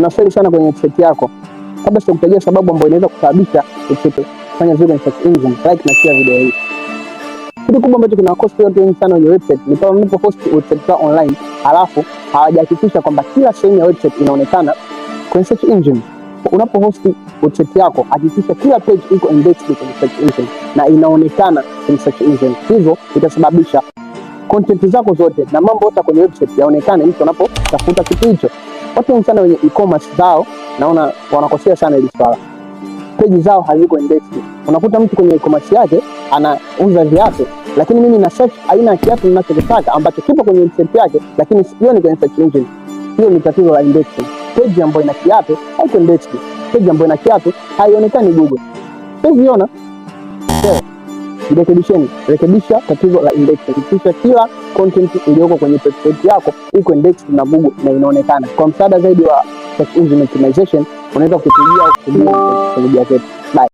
unafeli sana kwenye headset yako. Kabla sikutajia sababu ambayo inaweza kusababisha website kufanya zile headset engine, like na share video hii. Kitu kubwa ambacho cost watu wengi sana kwenye website ni pale mnapopost website zao online, halafu hawajahakikisha kwamba kila sehemu ya website inaonekana kwenye search engine. Unapo host website yako hakikisha kila page iko indexed kwenye search engine na inaonekana kwenye search engine. Hivyo itasababisha content zako zote na mambo yote kwenye website yaonekane mtu anapotafuta kitu hicho. Watu wengi sana wenye e-commerce zao naona wanakosea sana hili swala, peji zao haziko indexed. Unakuta mtu kwenye e-commerce yake anauza viatu, lakini mimi na search aina ya kiatu ninachotaka ambacho kipo kwenye website yake, lakini sioni kwenye search engine. Hiyo ni tatizo la indexing. Peji ambayo ina kiatu haiko indexed, peji ambayo ina kiatu haionekani Google, siziona yeah. Jirekebisheni, rekebisha tatizo la index. Hakikisha kila content iliyoko kwenye website yako iko indexed na Google na inaonekana. Kwa msaada zaidi wa search engine optimization, unaweza kutumia kutumia teknolojia zetu.